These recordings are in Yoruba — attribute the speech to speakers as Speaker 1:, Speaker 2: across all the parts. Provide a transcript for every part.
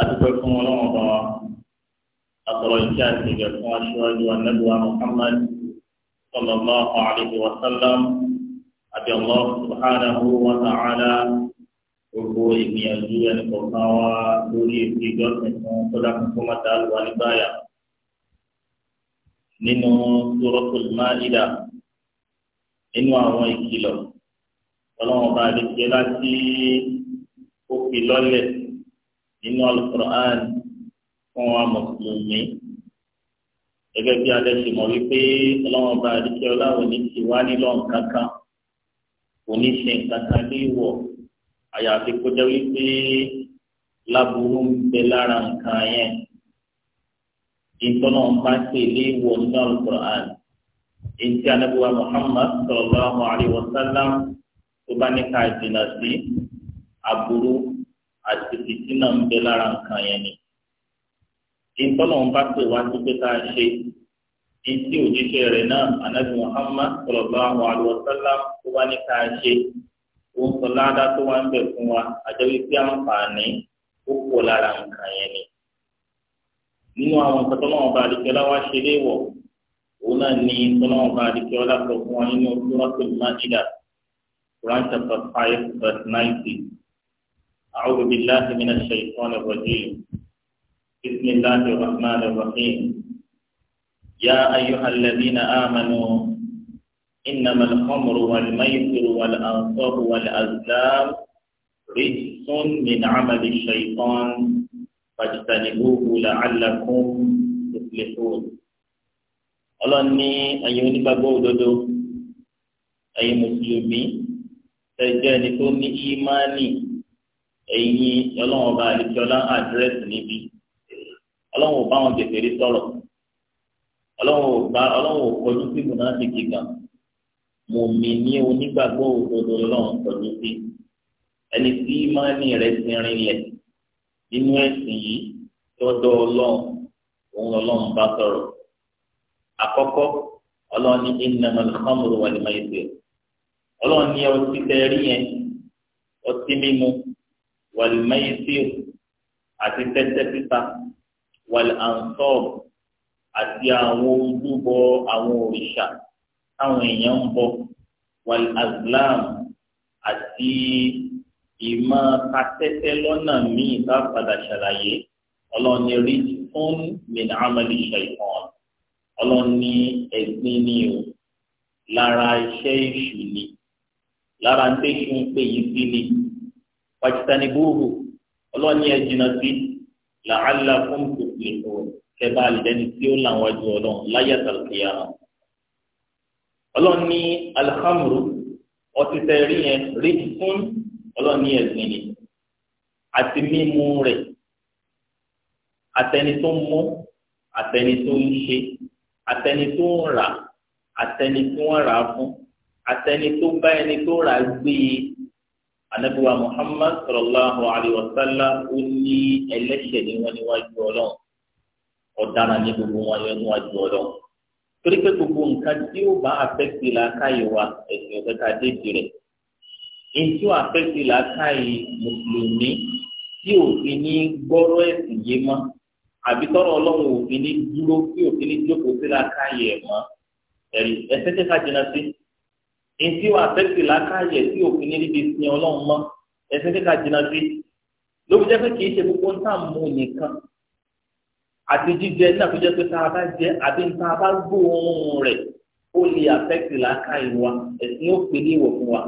Speaker 1: adúgbò fún ọlọ́run bá wa àtọ̀rọ̀ iṣẹ́ àti ìgbẹ́ fún aṣáájú anábìwá muhammad sallallahu alayhi wa sallam àti allah subhanahu wa ta'ala gbogbo ìgbìyànjú ẹni kọ̀ọ̀kan wa lórí ètò ìjọsìn fún kódà fún mọ́tà àlùwà nígbàyà nínú suratul maida nínú àwọn ìkìlọ̀ ọlọ́run bá a lè ṣe láti ó fi lọ́lẹ̀ nínú alukur'an fún wa mùsùlùmí gẹ́gẹ́ bí alẹ́ ṣe mọ̀ wípé ọlọ́wọ́n bá adíṣẹ́ ọláwọ̀ ní ti wá nílò nǹkankan kò ní ṣe nǹkankan ní ìwọ̀ àyàfi kó jẹ́ wípé láburú ń bẹ lára nǹkan yẹn ìtọ́nà ń ṣe ilé ìwọ̀ nínú alukur'an èyí anabiwa Muhammad sallallahu alaihi wa sallam tó bá ní ká jìnnà sí aburú àti fìtínà ń bẹ lára nǹkan yẹn ni. ìtọ́nà ń bá pè wá sí pé ká ṣe ìdí òjíṣẹ́ rẹ̀ náà anabi muhammad sallallahu alaihi wasallam tó wá ní ká ṣe òun sọ ládàá tó wá ń bẹ fún wa àjọ wípé àǹfààní ó pọ̀ lára nǹkan yẹn ni. nínú àwọn nǹkan tó náà bá àdìgbẹ́ láwá ṣe léèwọ̀ òun náà ní tó náà bá àdìgbẹ́ ọlá sọ fún wa nínú suratul maida quran chapter five verse ninety. أعوذ بالله من الشيطان الرجيم بسم الله الرحمن الرحيم يا أيها الذين آمنوا إنما الخمر والميسر والأنصاب والأزلام رجس من عمل الشيطان فاجتنبوه لعلكم تفلحون ọlọ́ni ẹ̀yin onígbàgbọ́ òdodo ẹ̀yin mùsùlùmí ẹ̀jẹ̀ ni tó ní ìmánì ẹ̀yin ọlọ́run ọba àdìsọ́lá àdírẹ́sì níbí ọlọ́run ò bá wọn kèfèrí sọ̀rọ̀ ọlọ́run ò bá ọlọ́run ò kọjú sí mùnàfíkì kan mùmíní onígbàgbọ́ òdodo ọlọ́run kọjú sí ẹni tí ìmánì rẹ̀ ti rinlẹ̀ nínú ẹ̀sìn yìí tọ́dọ̀ ọlọ́run òun ọlọ́run bá sọ̀rọ̀ àkọ́kọ́ ọlọ́run ní innamal khamru wal maisir ọlọ́run ní ọtí tẹ́rí yẹn ọtí mímu wàlùmẹ́yìsíw àti tẹ́tẹ́ títa wàlùmẹ́sọ́ọ̀bù àti àwọn ojúbọ àwọn òrìṣà táwọn èèyàn ń bọ wàlùmẹ́sílám àti ìmọ̀ katẹ́tẹ́ lọ́nà míì bá padà ṣàlàyé ọlọ́ni ríjì fún min amali shaitan ọlọ́ni ẹ̀gbin ni o lára iṣẹ́ èṣù ni lára ń tẹ́sùn pé yìí sí ni pàṣítàní búrúkú ọlọ́ọ̀ni ẹ̀ jìnnà sí làálà fún tòkìlìkọ kẹba àlìdẹni tí ó làwọn ju ọlọ́run láyà tàlùkìyà hàn ọlọ́ọ̀ni alhamdu ọtí tẹ rí yẹn rí fún ọlọ́ọ̀ni ẹ̀gbìn ni àti mímú rẹ̀ àtẹni tó mú àtẹni tó ń ṣe àtẹni tó ń rà àtẹni tó ń rà fún àtẹni tó bá ẹni tó rà gbé e anabiwa muhammad sallallahu alayhi wa sallam ó ní ẹlẹ́ṣẹ̀ ní wọn níwájú ọlọ́run ọ̀daràn ní gbogbo wọn níwájú ọlọ́run torí pé gbogbo nǹkan tí ó bá àfẹ́sí làákàyè wa ẹ̀sìn ọ̀fẹ́ ká déjì rẹ̀ ètò àfẹ́sí làákàyè mùsùlùmí tí òfin ní gbọ́rọ̀ ẹ̀sìn yé mọ́ àbí tọ́rọ̀ ọlọ́run òfin ní dúró tí òfin ní jókòó sí làákàyè mọ́ ẹ̀rí tẹ́ka jìnnà sí ètí wà tẹ́tì lákàyè tí òfin ní níbi sin ọlọ́run mọ́ ẹ̀sìn kíkà jìnnà sí lóbi jẹ́ pé kì í ṣe gbogbo ń tà mú nìkan àti jíjẹ náà tó pé tá a bá jẹ àbí tá a bá gbóòórùn rẹ̀ ó lè àfẹ́tì lákàyè wa ẹ̀sìn ó pè ní ìwọ̀ fún wa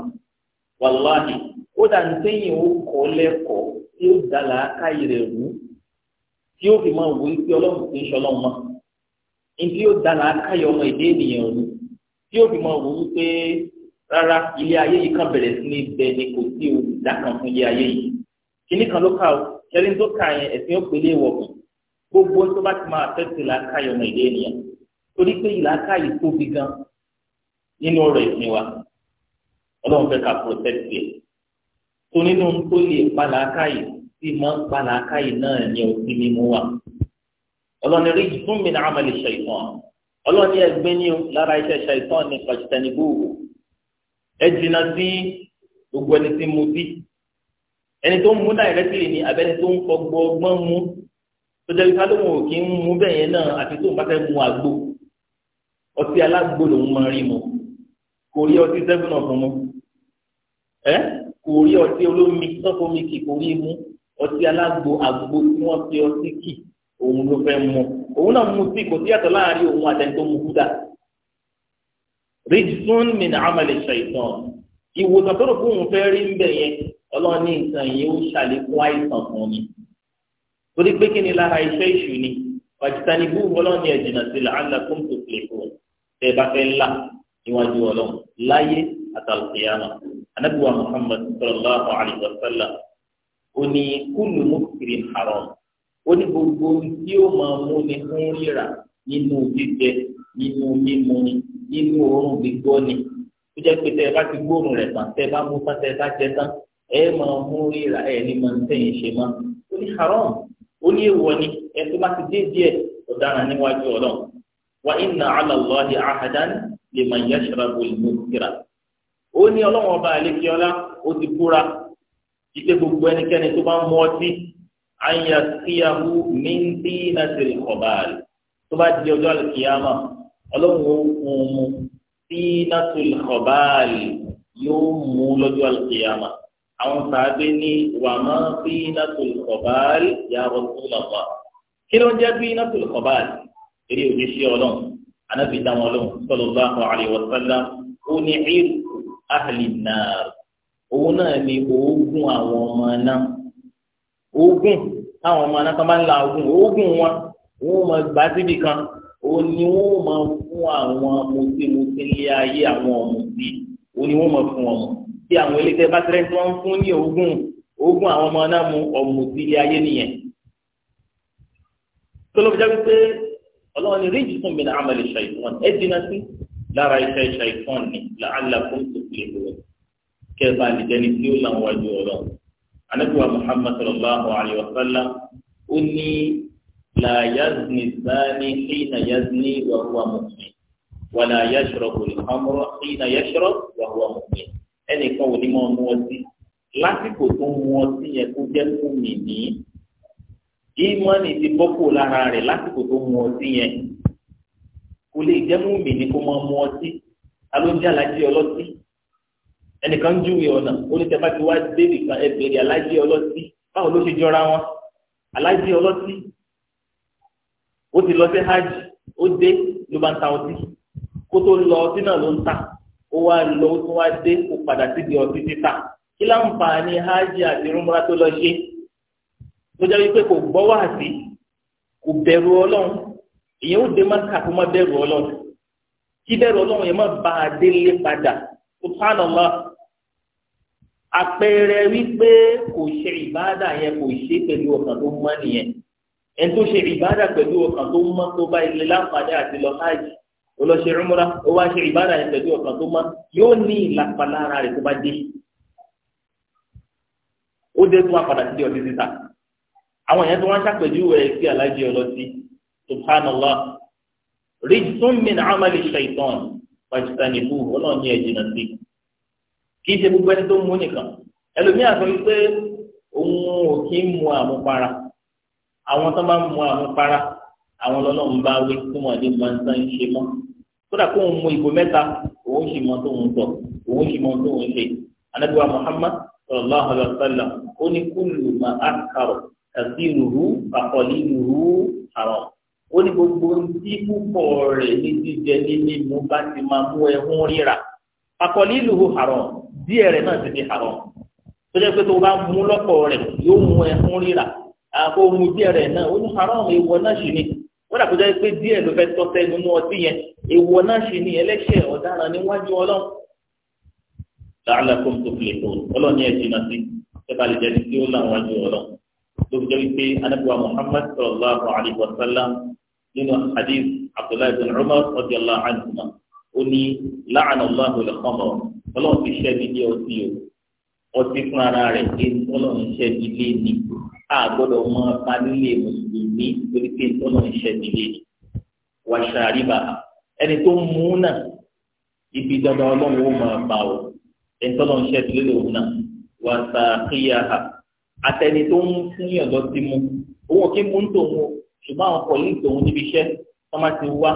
Speaker 1: wàláhì ó dà ní sẹ́yìn ó kọ́ lẹ́kọ̀ọ́ tí ó dà lákàyè rẹ̀ rú tí ó fi máa wò ó pé ọlọ́run kì í ṣe ọlọ́run mọ́ ní tí ó dà lákàyè ọmọ ìdí ènìyàn rú tí ó fi máa wò ó pé rárá ilé ayé yìí kan bẹ̀rẹ̀ sí ní bẹ ni kò sí olùdá kan fún ilé ayé yìí kíní kan ló kà ó kẹrin tó kà yẹn ẹ̀sìn ó pèlè wọ̀kùn gbogbo tó bá ti máa tẹ́tí làákà yọmọ ìdí ènìyàn torí pé ìlàákà yìí tóbi gan nínú ọ̀rọ̀ ìsìn wa ọlọ́run fẹ́ ká protect yẹ tó nínú tó lè pa làákà yìí tí máa ń pa yìí náà ni òsì mímú wa ọlọ́run rí ìtúnmí ní ṣàìtàn ọlọ́run ẹgbẹ́ ní lára iṣẹ́ ṣàìtàn ní pàṣẹ ẹ jìnnà sí gbogbo ẹni tí mo bí ẹni tó ń mú náà ìrẹsìlì ni àbẹ́ni tó ń kọgbọ ọgbọ́n mú tó jẹ́ wípé alóhùn ò kí ń mú bẹ́ẹ̀ yẹn náà àti tó ń bá fẹ́ mu àgbo ọtí alágbo lòún máa rí mu kò rí ọtí seven up mu ẹ kò rí ọtí olómi tọ́kọ̀mí kì kò rí mu ọtí alágbo àgbo tí wọ́n fi ọtí kì òun ló fẹ́ mu òun náà mu sí kò sí yàtọ̀ láàrin òun àtẹ̀ntó mu rijsun min amali shaitan ìwòsàn tó rò fún òun fẹ́ rí ń bẹ̀ yẹn ọlọ́run ní nǹkan yìí ó ṣàlékún àìsàn fún mi torí pé kí ni lára iṣẹ́ ìṣù ni pàkìtánì bú ọlọ́run ní ẹ̀jìnà sí làálà kó ń tó fi kú tẹ́ ẹ bá fẹ́ ńlá níwájú ọlọ́run láyé àtàlùkìyàmà anábìwá muhammad sallallahu alayhi wa sallam ó ní kúlù mọ́kìrì haram ó ní gbogbo tí ó máa mú ni fún rírà nínú jíjẹ nínú mímu ni nínú oorun gbígbó ni ó jẹ́ pé tẹ ẹ bá ti gbóòórùn rẹ̀ tán tẹ ẹ bá mú tán tẹ ẹ bá jẹ tán ẹ máa mú ríra ẹ ní máa ń tẹ̀yìn ṣe mọ́ ó ní haram ó ní èèwọ̀ ni ẹ tó bá ti dé díẹ̀ ọ̀daràn níwájú ọlọ́run wa inna ala Allahi ahadan liman yashrabu al-muskira ó ní ọlọ́run ọba àlekíọ́lá ó ti búra ìpè gbogbo ẹnikẹ́ni tó bá ń mu ọtí àyàkíyàwó mí ń dín náà sí ìkọ̀báàlì tó bá di ọjọ́ àlùkìyàmọ́ ọlọ́run ó kún un mú sí nàtúl kọ̀báàlì yóò mú lọ́jọ́ àlùkìyàmà àwọn sàábé ní wàmọ́ sí nàtúl kọ̀báàlì yà Rasulullah kí ló ń jẹ́ sí nàtúl kọ̀báàlì eré òjíṣẹ́ ọlọ́run anábì dáwọn ọlọ́run sallallahu alaihi wasallam ó ní ìrù ahli nar òun náà ni oògùn àwọn ọmọ náà oògùn táwọn ọmọ náà kan bá ń la oògùn oògùn wọn wọn ò mọ síbi kan òun ni wọ́n máa fún àwọn mọ̀tẹ́mọ̀tẹ́ ilé ayé àwọn ọ̀mùtí òun ni wọ́n máa fún wọn tí àwọn ilé tẹ́ bá tẹ́lẹ̀ tí wọ́n ń fún ní ogún ogún àwọn ọmọ náà mu ọ̀mùtí ilé ayé nìyẹn. tọ́lọ́bù jáde pé ọlọ́run ni ríjì fún mi ní amẹ́lẹ̀ ṣàìfọ́n ẹ dínà sí lára iṣẹ́ ṣàìfọ́n ni làálà fún tòkìlẹ̀ lọ́wọ́ kẹ́ẹ̀bá nìjẹ́ni tí ó làwọn wájú ọlọ́run لا يزني الزاني حين يزني وهو مؤمن ولا يشرب الخمر حين يشرب وهو مؤمن ẹnì kan ò ní máa mu ọtí lásìkò tó mu ọtí yẹn kó jẹ́ fún mi ní ìmọ̀nì ti bọ́kù lára rẹ̀ lásìkò tó mu ọtí yẹn kò lè jẹ́ mú mi ní kó máa mu ọtí alóúnjẹ alájí ọlọ́tí ẹnìkan ń júwe ọ̀nà oníṣẹ́fà ti wá débì kan ẹ̀bẹ̀rẹ̀ alájí ọlọ́tí báwo ló ṣe jọra wọn alájí ọlọ́tí ó ti lọ sí hajj ó dé ló bá ń ta ọtí kó tó lọ ọtí náà ló ń ta ó wá lọ ó tún wá dé kó padà síbi ọtí títà kí láǹfààní hajj àti rúmúra tó lọ ṣe tó jẹ́ wípé kò gbọ́ wáàsí kò bẹ̀rù ọlọ́run èyàn ó dé mọ́tà kó má bẹ̀rù ọlọ́run kí bẹ̀rù ọlọ́run yẹn má ba délé padà subhanallah àpẹẹrẹ wípé kò ṣe ìbáàdà yẹn kò ṣe pẹ̀lú ọ̀kan tó mọ́ nìyẹn ẹni tó ṣe ìbádà pẹ̀lú ọkàn tó mọ́ tó bá ilé láǹfààní àti lọ hajj ó lọ ṣe umra ó wá ṣe ìbádà yẹn pẹ̀lú ọkàn tó mọ́ yóò ní ìlàpá lára rẹ̀ tó bá dé ó dé tó wá padà sí ọtí títà àwọn èèyàn tó wá ń ṣàpèjúwe rẹ̀ sí alájí ọlọ́tí subhanallah rijsun min amali shaitan pàṣípàṣípù ọlọ́run ní ẹ̀jìnà sí kì í ṣe gbogbo ẹni tó mú nìkan ẹlòmíà sọ wípé òun ò kí ń mu àmupara àwọn tó máa ń mu àwọn para àwọn lọ́lọ́run bá wí kó wọn lè máa ń tán ṣe mọ́ kódà kó ń mu ìgò mẹ́ta òun sì mọ tó ń tọ̀ òun sì mọ tó ń ṣe anabiwa Muhammad sallallahu alayhi wa sallam ó ní kúlù ma akaro àti ìrùrù àkọlí ìrùrù àrọ ó ní gbogbo tí púpọ̀ rẹ̀ ní jíjẹ ní mímu bá ti máa mú ẹ̀hún ríra àkọlí ìrùrù àrọ díẹ̀ rẹ̀ náà ti di àrọ tó jẹ́ pé tó bá mú lọ́pọ̀ rẹ̀ yóò mú ẹ̀hún ríra àpò ohun díẹ̀ rẹ̀ náà ó ní haram èèwọ̀ náà sì ni wọ́n dà kó jẹ́ pé díẹ̀ ló fẹ́ tọ́tẹ́ nínú ọtí yẹn èèwọ̀ náà sì ni ẹlẹ́ṣẹ̀ ọ̀daràn níwájú ọlọ́run la'allakum tuflihun ọlọ́run yẹn jìnnà sí ẹ lè jẹ́ ní ó láwọn ọlọ́run ló fi jẹ́ wípé anábíwá Muhammad sallallahu alayhi wa sallam nínú hadith Abdullahi bin Umar radiyallahu anhu ó ní la'ana Allahu ọtí fún ara rẹ̀ pé tọ́lọ̀ ń ṣẹ́ nílé ni a gbọ́dọ̀ mọ panílé mùsùlùmí torí pé tọ́lọ̀ ń ṣẹ́ nílé ni wà ṣàríbà ẹni tó mú náà ibi dandan ọlọ́run ó máa bá o ẹni tọ́lọ̀ ń ṣẹ́ nílé lòun náà wà sàkíyà àtẹni tó ń fúnyàn lọ sí mu òun kí mú tòun o ṣùgbọ́n àwọn kọ̀ọ̀lì tòun níbi iṣẹ́ wọ́n máa ti wá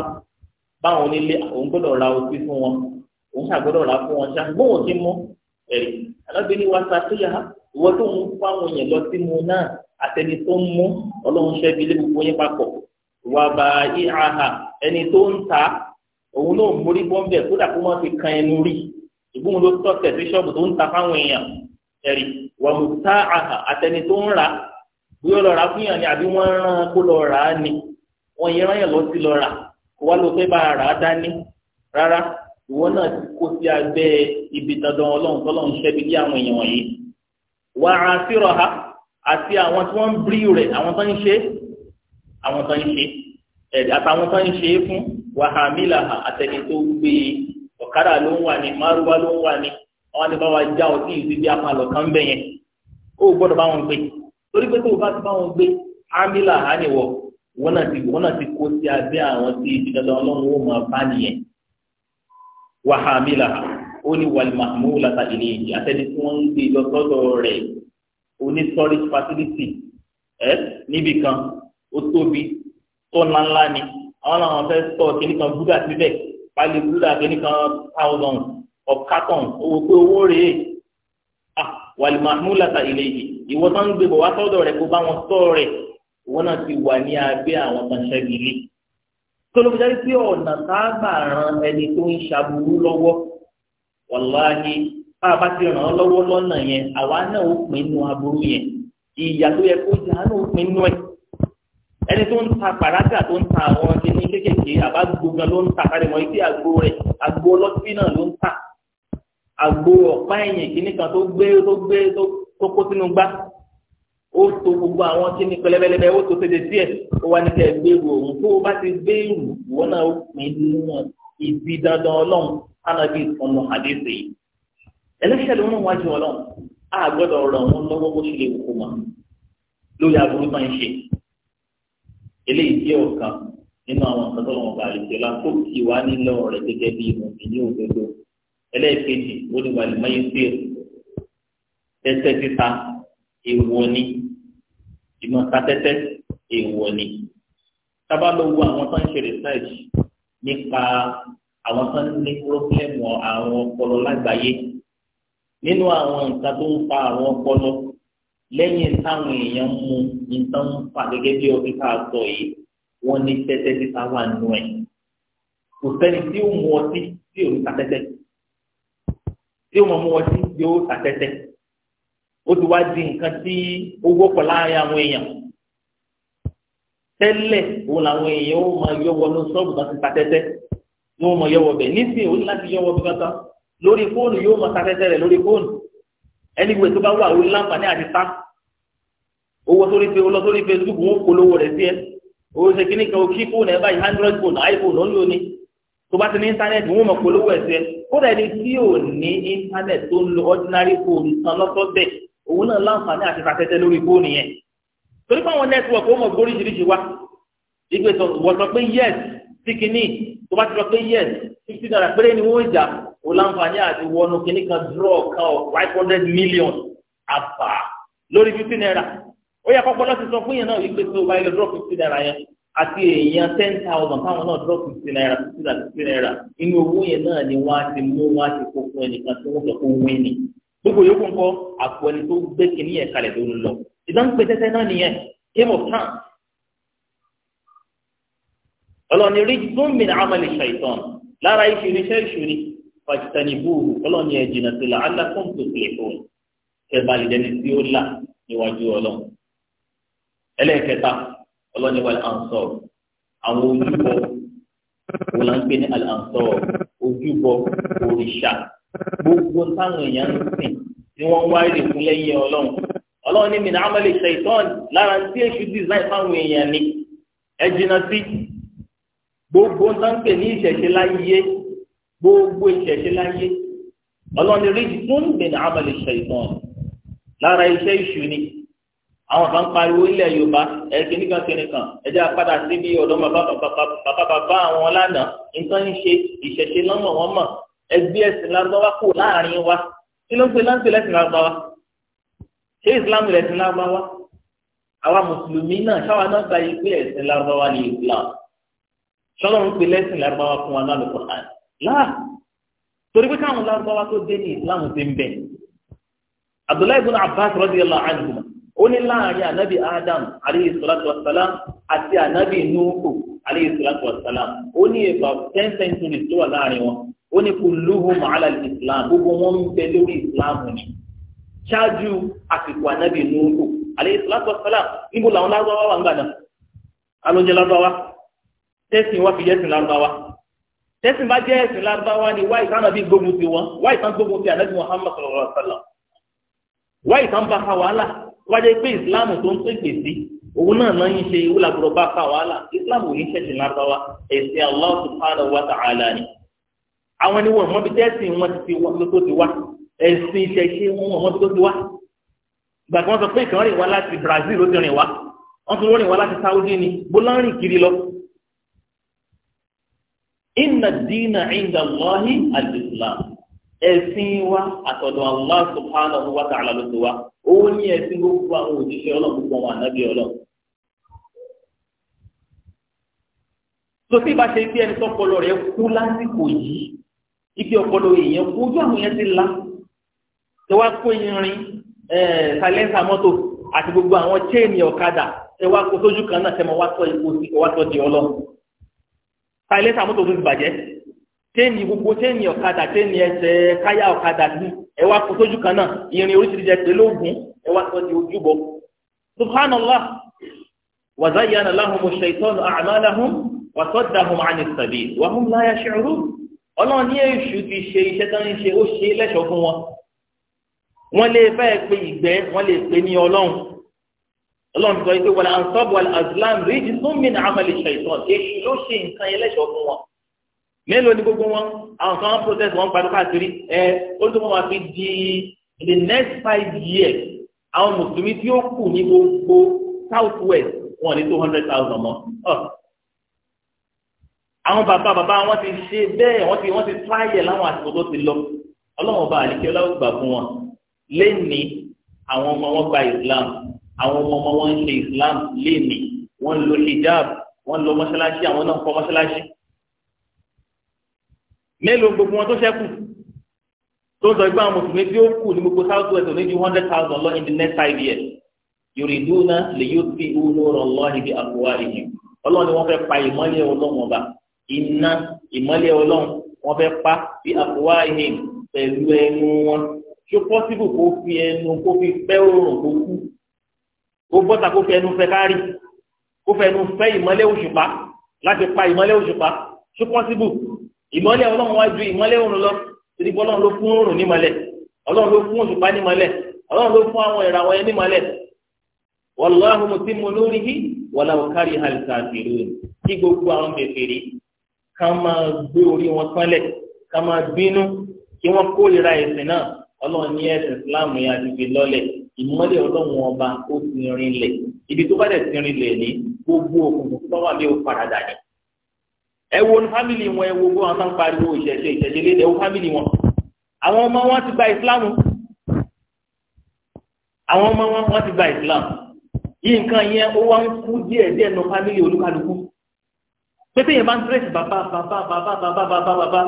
Speaker 1: báwọn onílé òun gbọ́dọ̀ ra ọtí fún wọn òun ṣàgbọ́dọ̀ ra fún wọn ṣá gbóhùn ti mú ẹ̀rí alábẹ́ni wa ṣàtúnyà ìwọ tó ń fún àwọn èèyàn lọ sí mu náà àtẹni tó ń mú ọlọ́run ṣẹ́bi lé gbogbo yín papọ̀ wà bá ìhàhà ẹni tó ń ta òun náà mórí bọ́ńbẹ̀ kódà kó má fi kan ẹnu rí ìgbóhùn ló tọ́tẹ̀ sí ṣọ́ọ̀bù tó ń ta fáwọn èèyàn ẹ̀rí wà mú tá àhà àtẹni tó ń ra bí ó lọ rà fún yàn ni àbí wọ́n rán kó lọ rà á ni wọ́n yẹn rán yàn lọ sí lọ rà kó wá ló fẹ́ bá rà á dání rárá ìwọ náà ti kó sí abẹ́ ibi dandan ọlọ́run tọ́lọ́run ṣẹ́bi lé àwọn èèyàn wọ̀nyí wà á sírọ̀ ha àti àwọn tí wọ́n ń bírí rẹ̀ àwọn tó ń ṣe àwọn tó ń ṣe ẹ̀dí àtàwọn tó ń ṣe é fún wà ha àtẹni tó gbé e. ọ̀kadà ló ń wà ní márúwá ló ń wà ní àwọn àti báwa já ọtí ìlú bí apalọ̀ kan bẹ̀ yẹn ó gbọ́dọ̀ bá wọn gbé torí pé tó o bá ti bá wọn gbé ámílà ha nìwọ wọn náà ti kó sí abẹ́ àwọn tí ìdí dandan ọlọ́run ó máa bá nìyẹn wàhámìlà ó ní wàlmàmúlàtà ìlẹyìn àtẹni tí wọn ń gbé lọ sọ́dọ̀ rẹ̀ oní storage facility ẹ níbì kan ó tóbi tó ńláńlá ni àwọn làwọn fẹẹ sọ kíní kan búdà síbẹ̀ pálí búdà kíní kan thousand of carton owó pé owó rèé ah wàlmàmúlàtà ìlẹyìn ìwọ tó ń gbé bọ̀ wá sọ́dọ̀ rẹ̀ kó bá wọn sọ rẹ̀ wọn náà ti wà ní abẹ́ àwọn kan ṣẹgi ilé tolóbìjà yìí pé ọ̀nà tá a gbà ran ẹni tó ń ṣàbùrú lọ́wọ́ wàláhì bá a bá ti ràn án lọ́wọ́ lọ́nà yẹn àwa náà ó pín inú aburú yẹn ìyà tó yẹ kó jà á náà ó pín inú ẹ̀ ẹni tó ń ta pàràgà tó ń ta àwọn kíní kéékèèké àbá ló ń ta kárìmọ́ ibi àgbo rẹ̀ àgbo ọlọ́tí náà ló ń ta àgbo ọ̀pá ẹ̀yìn kíní tó gbé tó gbé tó kó sínú gbá ó to gbogbo àwọn tí ní pẹlẹbẹlẹbẹ ó to tètè díẹ̀ ó wá ní kẹ gbèrú òun tó o bá ti gbèrú wọn náà ó pè é nínú ìdí dandan Ọlọ́run ánàbí ọ̀nà àdéhùn yìí ẹlẹ́ṣẹ̀ ló ń wá ju Ọlọ́run á gbọ́dọ̀ ràn wọ́n lọ́wọ́ bó ṣe lè kó mọ́ lórí aburú máa ń ṣe eléyìí jẹ́ ọ̀kan nínú àwọn nǹkan tó wọn bá lè jọ la kó kì wá nílò rẹ̀ gẹ́gẹ́ bí ìmọ̀tì ní òdodo ẹlẹ́ẹ̀kejì ó ní wàlúùmáyé fíìlì tẹ́tẹ́ títa èèwọ̀ ni ìmọ̀ tatẹ́tẹ́ èèwọ̀ ni tábà lọ wo àwọn tó ń ṣe research nípa àwọn tó ń ní pírọ́blẹ́mù àwọn ọpọlọ lágbàáyé nínú àwọn nǹkan tó ń fa àwọn ọpọlọ lẹ́yìn táwọn èèyàn ń mu nǹkan ń fà gẹ́gẹ́ bí ọdún tá a sọ yìí wọ́n ní tẹ́tẹ́ títa wà nù ẹ̀ kò sẹ́ni tí ó mu ọtí tí ò ní ta tẹ́tẹ́ tí ó mọ̀ mu ọtí tí ó ta tẹ́tẹ́ ó ti wá di nǹkan tí ó wọ́pọ̀ láàrin àwọn èèyàn tẹ́lẹ̀ òun làwọn èèyàn ó máa yọwọ́ ní sọ́ọ̀bù kan ti ta tẹ́tẹ́ ni wọ́n máa yọwọ́ bẹ̀ nísìnyí ó ní láti yọwọ́ bí kankan lórí fóònù yóò máa ta tẹ́tẹ́ rẹ̀ lórí fóònù ẹni wo tó bá wà ó láǹfààní àti ta owó sórí pé ó lọ sórí Facebook wọn polówó rẹ̀ sí ẹ owó ṣe kíní kan kí fóònù ẹ báyìí android phone iphone ó ń lò ní tó bá ti ní íńtánẹ́ẹ̀tì wọn máa polówó ẹ̀ sí ẹ kódà ẹni tí ò ní íńtánẹ́ẹ̀tì tó ń lo ordinary phone tán lọ́sọ̀ọ́ bẹ́ẹ̀ òun náà láǹfààní àti sàtẹ́tẹ́ lórí fóònù yẹn torí pé àwọn network ó mọ̀ gbóríṣiríṣi wa ìgbé sọ wọ́n sọ pé yes sí kínní tó bá ti sọ pé yes fifty naira péré ni wọ́n jà ó láǹfààní àti wọnú kínní kan draw kan of five hundred million àbá lórí fifty naira ó yẹ kọ́kọ́ láti sọ fún yẹn náà ìgbé tó bá yẹ draw fifty naira yẹn àti èèyàn ten thousand táwọn náà draw fifty naira fifty naira naira inú owó yẹn náà ni wọ́n á ti mú wọ́n á ti kó fún ẹnìkan gbogbo yòókù ńkọ àpò ẹni tó gbé kínní yẹn kalẹ̀ tó ń lọ ìdánwò tẹ́tẹ́ náà nìyẹn game of time ọlọ́ni rí gómìnà amali ṣàìtàn lára ìṣòro iṣẹ́ ìṣòro pàṣítàníbù ọlọ́ni ẹ̀ jìnnà sílẹ̀ alákòóso tẹlifóònù kẹbàlì dẹni tí ó là níwájú ọlọ́run ẹlẹ́ẹ̀kẹta ọlọ́ni wà láǹsọ̀ àwọn ojúbọ wọ́n là ń pè ní àǹsọ̀ ojúbọ òrìṣà gbogbo táwọn èèyàn ń sìn tí wọ́n wá èdè fún lẹ́yìn ọlọ́run ọlọ́run ní mi náà amẹ́lẹ̀ ṣèitán lára tí èṣù design fáwọn èèyàn ni ẹ jìnnà sí gbogbo táǹpẹ̀ ní ìṣẹ̀ṣe láyé gbogbo ìṣẹ̀ṣe láyé ọlọ́run ní ríjì tún mi náà amẹ́lẹ̀ ṣèitán lára iṣẹ́ èṣù ni àwọn kan pariwo ilẹ̀ yorùbá ẹ kìíní kan kìíní kan ẹ jẹ́ apádà síbi ọ̀dọ́ bàbá bàbá àwọn lánàá nǹkan ń ṣe ìṣẹ̀ṣe lọ́mọ̀ wọn mọ̀ ẹgbẹ́ ẹ̀sìn lárúbáwá kò láàrin wa kí ló ń pè láǹpẹ̀ lẹ́sìn lárúbáwá ṣé islam lẹ́sìn lárúbáwá àwa mùsùlùmí náà ṣáwa náà gba yìí pé ẹ̀sìn lárúbáwá ni islam ṣọlọ́ ń pè lẹ́sìn lárúbáwá fún wa lálùkò hàn láà torí pé káwọn lárúbáwá tó dé ní islam ti ń bẹ abdullahi ibn abbas radiyallahu anhu ó ní láàrin anabi adam alayhi salatu wa salam àti anabi nuhu alayhi salatu wa salam ó ní about ten centuries tó wà láàrin wọn ó ní kulluhum ala islam gbogbo wọn ń bẹ lórí islam ni ṣáájú àsìkò ànábì nùúrù àlẹ́ islam tó sálà níbo làwọn lárúbáwá wà ń gbàdá alóúnjẹ lárúbáwá tẹ́sìn wá fi yẹ́sìn lárúbáwá tẹ́sìn bá jẹ́ ẹ̀sìn lárúbáwá ni wáyé sáà nàbí gbógun ti wọn wáyé sáà gbógun ti ànábì muhammad sallallahu alaihi wasallam wáyé sáà ń bá fa wàhálà wájẹ́ pé islam tó ń pèpè sí òun náà náà ń ṣe ìwúlàgbọ̀rọ̀ bá fa wàhálà islam ò ní ṣẹ̀sìn ẹ̀sìn allah subhanahu wa ta'ala ni àwọn ẹni wọ̀ mọ́bi tẹ́sìn wọn ti tó ti wá ẹ̀sìn ìṣẹ̀ṣe wọn mọ́bi tó ti wá gbàgbé wọn sọ pé ìkànnì rìn wá láti Brazil ó ti rìn wá wọn tún rìn wá láti Saudi ni bólá ń rìn kiri lọ. inna dina inda Allahi al-Islam ẹ̀sìn wa àtọ̀dọ̀ Allah subhanahu wa ta'ala ló ti wá owó ní ẹ̀sìn gbogbo àwọn òjíṣẹ́ ọlọ́run gbogbo àwọn ànábì ọlọ́run. sọ sí ìbáṣe bí ẹni tọ́pọ̀ lọ rẹ̀ kú lásìkò yìí ike ọpọlọ èèyàn kú ojú àwọn yẹn ti la ẹ wá kó irin sàlẹ́nsà mọ́tò àti gbogbo àwọn chéènì ọ̀kadà ẹ wá kó sójú kan náà tẹmọ wá tọ ipò sí ọwá tọ di ọlọ sàlẹ́nsà mọ́tò tó ti bàjẹ́ chéènì gbogbo chéènì ọ̀kadà chéènì ẹsẹ̀ káyà ọ̀kadà ní ẹ wá kó sójú kan náà irin oríṣiríṣi ẹsẹ̀ lóògùn ẹ wá tọ di ojúbọ subhanallah wàzáyà nàláhùn mọ̀ṣẹ́ ìtọ́nù àmàlàhùn wàtọ́dàhùn àníṣàbí wàhùn láyà ṣẹ̀rù ọlọ́run ní èṣù ti ṣe iṣẹ́ tó ń ṣe ó ṣe lẹ́ṣọ̀ọ́ fún wọn wọ́n lè fẹ́ pe ìgbẹ́ wọ́n lè pe ní ọlọ́run ọlọ́run sọ pé wàlá ansọ́bù wàlá azlam ríjì tó mìn àmàlẹ̀ ṣàìtàn èṣù ló ṣe nǹkan yẹn lẹ́ṣọ̀ọ́ fún wọn mélòó ni gbogbo wọn àwọn kan wọn protest wọn pariwo káàkiri ẹ ó tó wọn fi di the next five years àwọn mùsùlùmí tí ó kù ní gbogbo south west wọn ní two hundred thousand mọ àwọn bàbá bàbá wọn ti ṣe bẹ́ẹ̀ wọ́n ti wọ́n ti tráyẹ̀ láwọn àsìkò tó ti lọ ọlọ́wọ́n ọba àlìkẹ́ ọlọ́wọ́ gbà fún wọn lẹ́ni àwọn ọmọ wọn gba islam àwọn ọmọ ọmọ wọn ń ṣe islam lẹ́ni wọ́n lo hijab wọ́n lo mọ́ṣáláṣí àwọn náà kọ́ mọ́ṣáláṣí mélòó gbogbo wọn tó ṣẹ́kù tó ń sọ ìgbà àwọn mùsùlùmí tí ó kù ní gbogbo south west ní ju hundred thousand lọ in the next five years yorùdúnà lè yóò fi owó lọ́rọ̀ lọ́hìn bí àkùwá ìhìn ọlọ́run ni wọ́n fẹ́ pa ìmọ́lẹ̀ ọlọ́run ọba iná ìmọ́lẹ̀ ọlọ́run wọ́n fẹ́ pa bí àkówá ìhìn pẹ̀lú ẹnu wọn ṣó pọ́sibù kó fi ẹnu kó fi fẹ́ oòrùn kó kú kó bọ́ta kó fi ẹnu fẹ́ kárì kó fẹ́ ẹnu fẹ́ ìmọ́lẹ̀ òṣùpá láti pa ìmọ́lẹ̀ òṣùpá ṣó pọ́sibù ìmọ́lẹ̀ ọlọ́run wá ju ìmọ́lẹ̀ oòrùn lọ torí pé ọlọ́run ló fún oòrùn nímọ́lẹ̀ ọlọ́run ló fún òṣùpá nímọ́lẹ̀ ọlọ́run ló fún àwọn ìràwọ̀ yẹn nímọ́lẹ̀ wallahu mutimmu nurihi walau kariha al-kafirun kí gbogbo àwọn kèfèrí ká máa gbé orí wọn pálẹ̀ ká máa bínú kí wọ́n kórìíra ẹ̀sìn náà ọlọ́run ní ẹ̀sìn islam yẹn àdìgbè lọ́lẹ̀ ìmọ́lẹ̀ ọlọ́run ọba ó ti rinlẹ̀ ibi tó bá dẹ̀ ti rinlẹ̀ ní gbogbo òkùnkùn tó wà ní òparadà ni. ẹ wo fámìlì wọn ẹ wo bó wọn sáà ń pariwo ìṣẹ̀ṣe ìṣẹ̀ṣe lé ẹ wo fámìlì wọn àwọn ọmọ wọn ti gba islam àwọn ọmọ wọn ti gba islam yìí nǹkan yẹn ó wá ń kú díẹ̀ pété yẹn bá ń tẹ̀sí bàbá bàbá bàbá bàbá bàbá bàbá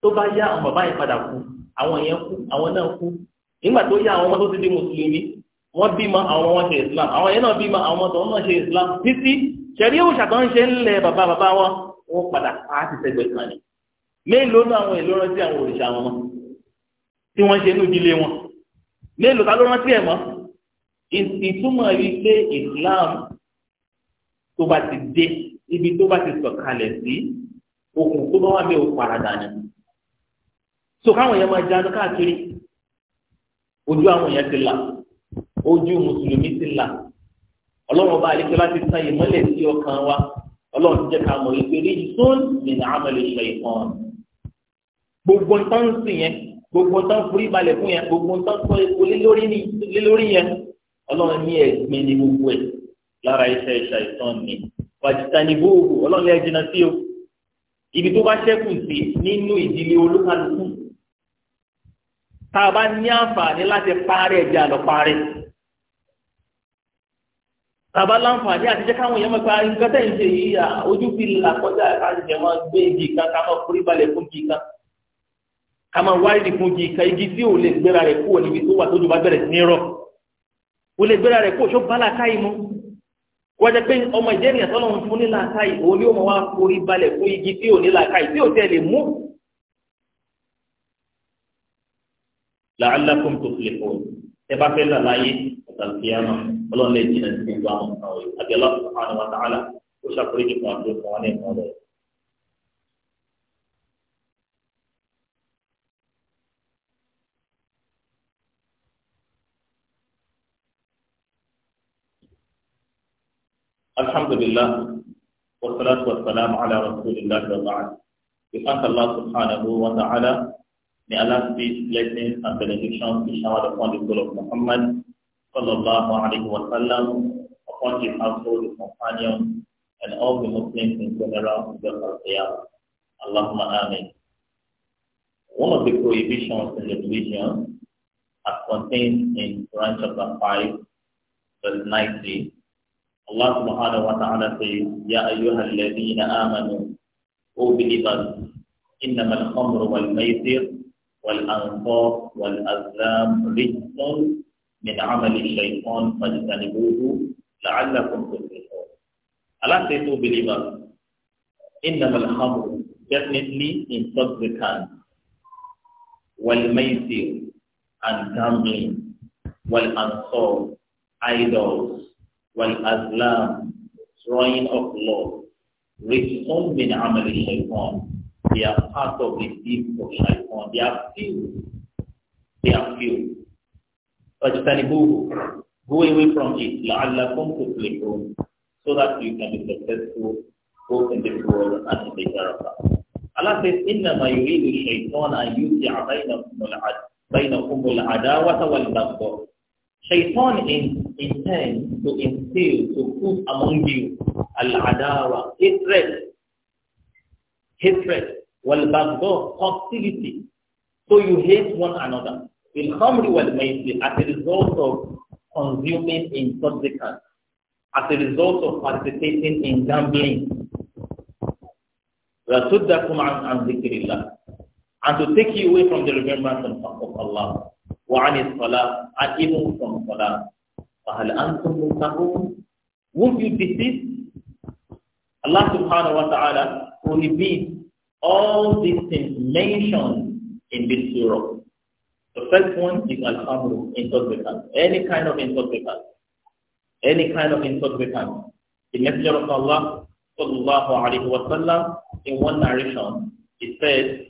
Speaker 1: tó bá yá àwọn bàbá yẹn padà kú àwọn yẹn kú àwọn náà kú nígbà tó yá àwọn ọmọ tó ti di mùsùlùmí wọ́n bímọ àwọn wọn ṣe islam àwọn yẹn náà bímọ àwọn tó náà ṣe islam títí ṣẹ̀rí òòṣà tó ń ṣe ń lẹ̀ bàbá bàbá wọn wọ́n padà á ti sẹ́gbẹ̀ kan ni mélòó náà àwọn èlò rántí àwọn òrìṣà wọn tí wọ́n ṣe nídìílé wọn mélòó ta ló rántí ẹ̀ mọ́ ìtumọ̀ yìí pé islam tó bá ti dé ibi tó bá ti sọ̀kalẹ̀ sí okùn tó bá wà bẹ́ẹ̀ ó paradà ni so káwọn yẹn máa jáde káàkiri ojú àwọn yẹn ti là ojú mùsùlùmí ti là ọlọ́run bá àlejò láti ta ìmọ́lẹ̀ sí ọkàn wa ọlọ́run ti jẹ́ ká mọ̀ ìpèrè ìsún nínú àmàlẹ̀ ìṣẹ̀ ìkan gbogbo nǹkan ń sìn yẹn gbogbo nǹkan forí balẹ̀ fún yẹn gbogbo nǹkan sọ epo lé lórí yẹn ọlọ́run ní ẹ̀gbin ní gbogbo ẹ̀ lára iṣẹ́ ìṣẹ̀ fàjìtànìbó ògùn ọlọ́run ẹ̀ jìnnà sí o ibi tó bá ṣẹ́kù sí nínú ìdílé olúkálùkù tá a bá ní àǹfààní láti parẹ́ ẹ̀jẹ̀ àlọ́ parẹ́ tá a bá láǹfààní àti jẹ́ káwọn èèyàn mẹ́ta nǹkan tẹ̀ ń ṣe yìí ojú fi là kọjá káṣíṣe wọn gbé igi kan ká máa forí balẹ̀ fún igi kan ká máa wáyé ní fún igi kan igi tí ò lè gbéra rẹ̀ kúrò níbi tó wà tójú bá bẹ̀rẹ̀ sí ní rọ̀ ò lè gbéra rẹ̀ kúrò ṣó bá làákàyè mọ́ wọ́n jẹ́ pé ọmọ ìjẹ́rìí ẹ̀sọ́nà ń fún nílà káì òun yóò máa wá forí balẹ̀ fún igi tí ò nílà káì tí ò tẹ́ lè mú. la'allakum tuflihun ẹ bá fẹ́ là láyé ọ̀tàkìyàmà ọlọ́run lè jìnnà sí ìlú àwọn ọ̀hún àbí ọlọ́run subhanahu wa ó ṣàkóríjì fún àdúrà fún wọn ní ìmọ̀lẹ́ الحمد لله والصلاة والسلام على رسول الله وبعد We thank Allah subhanahu wa ta'ala. May Allah's peace, blessings and benedictions be showered upon the soul of Muhammad sallallahu alayhi wa sallam, upon his household, his companions, and all the Muslims in general in the Al-Qiyamah. Allahumma ameen. One of the prohibitions in the religion as contained in Quran chapter 5, verse 90, الله سبحانه وتعالى في يا أيها الذين آمنوا أو believers إنما الخمر والميسر والأنصار والأزلام رجس من عمل الشيطان فاجتنبوه لعلكم تفلحون ألا says O إنما الخمر definitely intoxicants والميسر and gambling والأنصار idols والأزلام drawing of law, which all min amal shaitan. They are part of the deeds of shaitan. They are few. They are few. فَاجْتَنِبُوهُ Go away from it. لَعَلَّكُمْ تُفْلِحُونَ So that you can be successful both in this world and in the hereafter. Allah says, إِنَّمَا يُرِيدُ الشَّيْطَانَ أَن يُوقِعَ بَيْنَكُمُ الْعَدَاوَةَ وَالْبَغْضَ Shaitan in, intends to instill, to put among you al-adawa, hatred, hatred, wal-baghdha, hostility. So you hate one another. Bil-khamri wal as a result of consuming in substance, as a result of participating in gambling. وَسُدَّكُمْ عَنْ ذِكْرِ اللَّهِ And to take you away from the remembrance of Allah. وعن الصلاة عائموا from صلاة فهل أنتم منتهون Would you desist? Allah subhanahu wa ta'ala prohibits all these things mentioned in this surah. The first one is al-khamru, intoxicant. Any kind of intoxicant. Any kind of intoxicant. The Messenger of Allah sallallahu alayhi wa sallam in one narration, he says,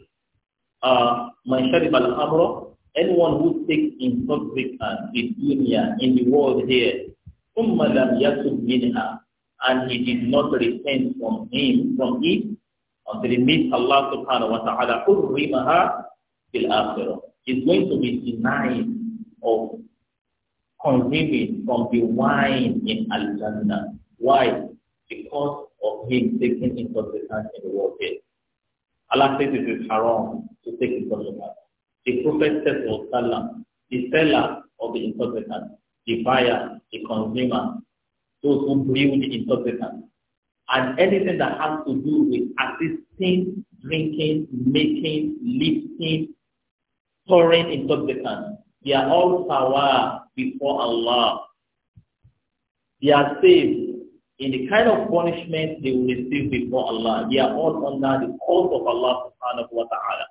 Speaker 1: uh, man sharib al Anyone who takes in public and in dunya, in the world here, ثُمَّ لَمْ يَتُبْ And he did not repent from him, from it, until he meets Allah subhanahu wa ta'ala حُرِّمَهَا فِي الْآخِرَةِ He's going to be denied of consuming from the wine in Al-Jannah. Why? Because of him taking intoxicants in the world here. Allah says it is haram to take intoxicants. The Prophet said to Salam, the seller of the interpreter, the buyer, the consumer, those who brew the interpreter, and anything that has to do with assisting, drinking, making, lifting, pouring intoxicants. They are all sawa before Allah. They are saved in the kind of punishment they will receive before Allah. They are all under the cause of Allah subhanahu wa ta'ala.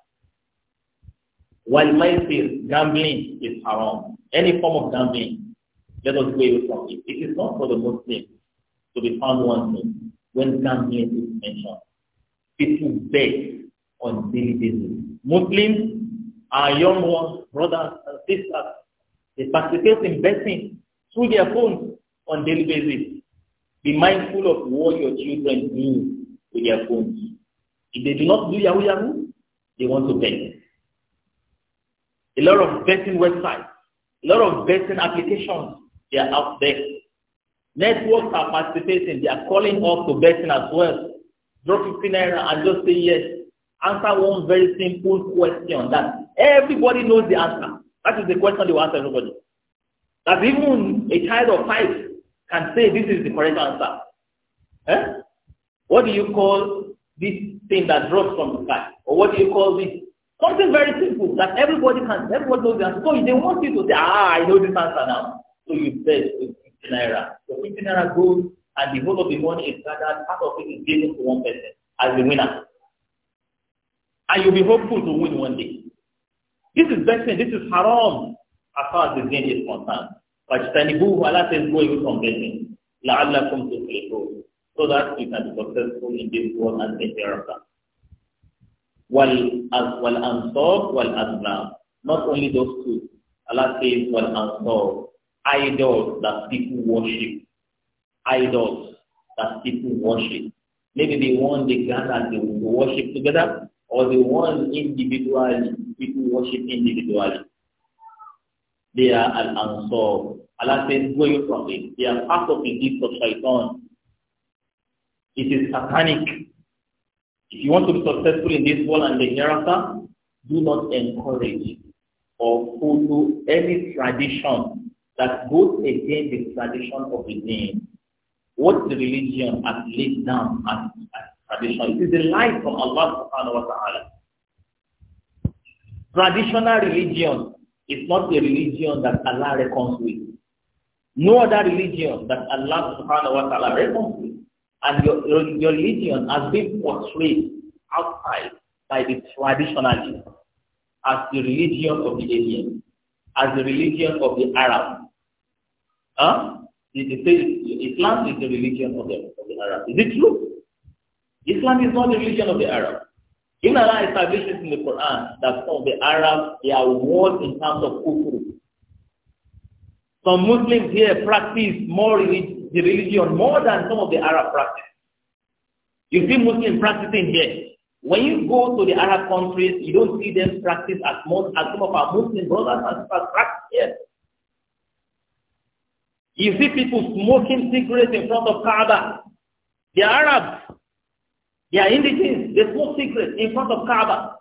Speaker 1: While is gambling, is haram. Any form of gambling, let us away from it. It is not for the Muslim to be found wanting when gambling is mentioned. People beg on daily basis. Muslims, our young ones, brothers and sisters, they participate in betting through their phones on daily basis. Be mindful of what your children do with their phones. If they do not do Yahoo Yahoo, they want to bet. a lot of betting websites, a lot of betting applications, they are out there. Networks are participating. They are calling us to betting as well. Drop 15 naira and just say yes. Answer one very simple question that everybody knows the answer. That is the question they will ask everybody. That even a child of five can say this is the correct answer. Eh? What do you call this thing that drops from the sky? Or what do you call this Something very simple that everybody can, everybody knows the answer. So they want you to say, ah, I know this answer now. So you bet with 50 The So 50 naira goes and the whole of the money is gathered, part of it is given to one person as the winner. And you'll be hopeful to win one day. This is betting, this is haram as far as the gain is concerned. But Tanibu, Allah says, go away from betting. لعلكم تفلحون so that you can be successful in this world and the hereafter. wal wal while wal azlam. Not only those two. Allah says wal ansab, idols that people worship, idols that people worship. Maybe the one they gather they worship together, or the one individually people worship individually. They are al ansab. Allah says, where you from it. They are part of the gift of shaitan. It is satanic if you want to be successful in this world and the hereafter, do not encourage or follow any tradition that goes against the tradition of the name. What the religion has laid down as, as tradition. It is the light from Allah subhanahu wa ta'ala. Traditional religion is not a religion that Allah reconciles with. No other religion that Allah subhanahu wa ta'ala reconciles with and your, your, religion has been portrayed outside by the traditionalists as the religion of the alien, as the religion of the Arab. Huh? It, it says Islam is the religion of the, of the Arab. Is it true? Islam is not the religion of the Arab. Even Allah establishes in the Quran that some of the Arabs, they are worse in terms of kufr. Some Muslims here practice more religion the religion more than some of the Arab practice. You see Muslims practicing here. When you go to the Arab countries, you don't see them practice as much as some of our Muslim brothers and sisters practice here. You see people smoking cigarettes in front of Kaaba. They are Arabs. They are indigenous. They smoke cigarettes in front of Kaaba.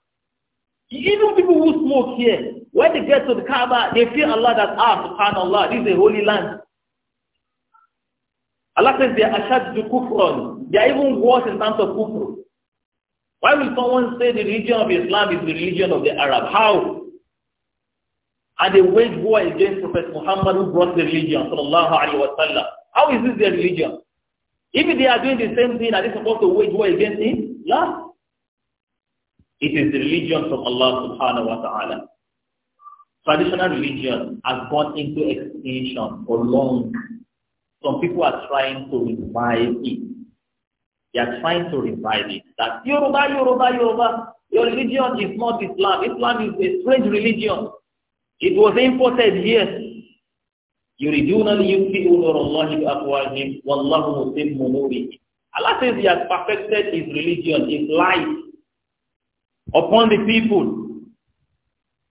Speaker 1: Even people who smoke here, when they get to the Kaaba, they fear Allah that, ah, subhanAllah, this is a holy land. Allah says they are ashaddu kufron. They are even worse in terms of kufr. Why will someone say the religion of Islam is the religion of the Arab? How? And they wage war against Prophet Muhammad who brought the religion, sallallahu alayhi wa sallam. How is this their religion? If they are doing the same thing, are they supposed to wage war against him? No. It is the religion from Allah subhanahu wa ta'ala. Traditional religion has gone into extinction for long some people are trying to revive it. They are trying to revive it. That Yoruba, Yoruba, Yoruba, your religion is not Islam. Islam is a strange religion. It was imported here. يريدون ليطفئوا نور الله بأفواههم والله متم نوره Allah says he has perfected his religion, his light upon the people.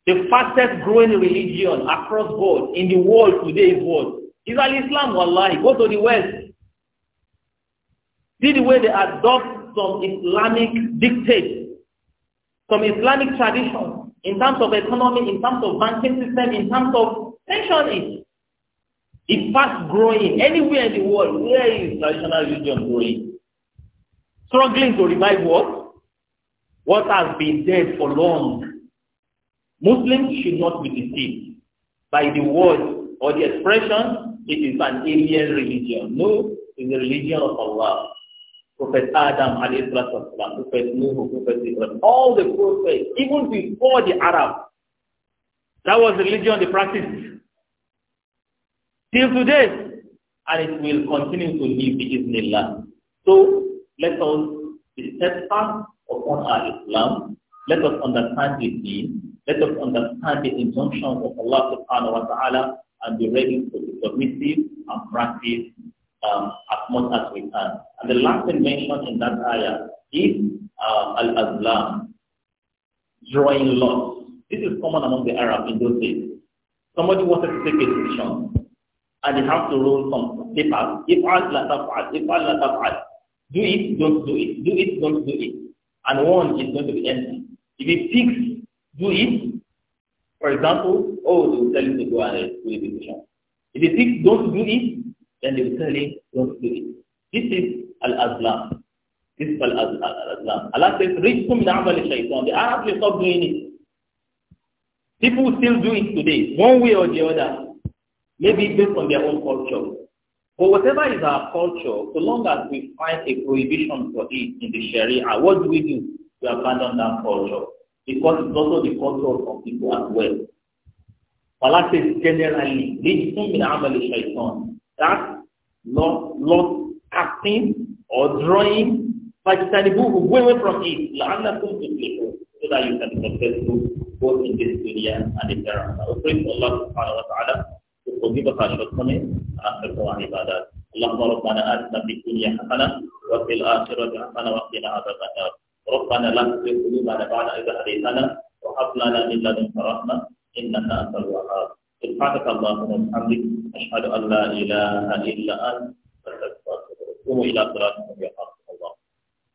Speaker 1: The fastest growing religion across board in the world today is what? Israeli Islam wallahi, go to the West. See the way they adopt some Islamic dictates, some Islamic traditions in terms of economy, in terms of banking system, in terms of pensioning. is fast growing anywhere in the world. Where is traditional religion growing? Struggling to revive what? What has been dead for long. Muslims should not be deceived by the words or the expressions it is an alien religion. No, it is the religion of Allah. Prophet Adam, والسلام, Prophet Nuh, Prophet Ibrahim, all the prophets, even before the Arab, that was the religion they practiced. Till today, and it will continue to live in land. So let us be steadfast upon our Islam. Let us understand the deen. Let us understand the injunctions of Allah subhanahu wa ta'ala and be ready to be submissive and practice um, as much as we can. And the last thing mentioned in that ayah is uh, al-azlam, drawing lots. This is common among the Arabs in those days. Somebody wanted to take a decision and they have to roll some papers. If al la taf'al, if al Do it, don't do it. Do it, don't do it. And one is going to be empty. If it picks, do it, for example, oh, they will tell you to go and do the vacation. If they think don't do it, then they will tell you don't do it. This is al-azlam. This is al-azlam. Allah says, Rizqum min amal shaitan. The Arabs will stop doing it. People still do it today, one way or the other. Maybe based on their own culture. But whatever is our culture, so long as we find a prohibition for it in the Sharia, what do we do? We abandon that culture. because it's also the control of people as well. Allah says generally, لِجْتُمْ مِنْ عَمَلِ That not, not acting or drawing, فَاجْتَنِبُوهُ Go away from it. لَعَلَّكُمْ تُفْلِحُونَ So that you can be successful both in this area and in hereafter. We pray to Allah subhanahu wa ta'ala to forgive us our shortcomings and accept our ibadat. اللهم ربنا آتنا في الدنيا حسنة وفي الآخرة حسنة وقنا عذاب النار ربنا لا تزغ قلوبنا بعد إذ هديتنا وهب لنا من لدنك رحمة إنك أنت الوهاب سبحانك اللهم وبحمدك أشهد أن لا إله إلا أنت أستغفرك وأتوب إلى صلاتكم يا